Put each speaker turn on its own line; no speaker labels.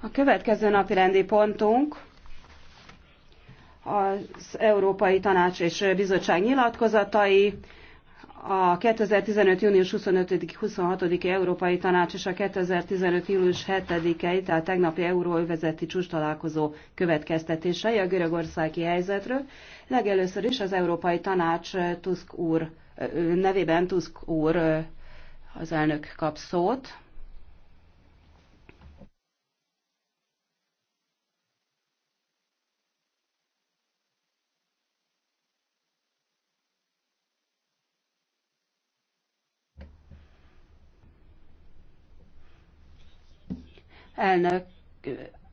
A következő napi rendi pontunk az Európai Tanács és Bizottság nyilatkozatai, a 2015. június 25-26-i Európai Tanács és a 2015. július 7-i, tehát tegnapi euróövezeti csúcstalálkozó következtetései a görögországi helyzetről. Legelőször is az Európai Tanács Tusk úr nevében Tusk úr az elnök kap szót.
elnök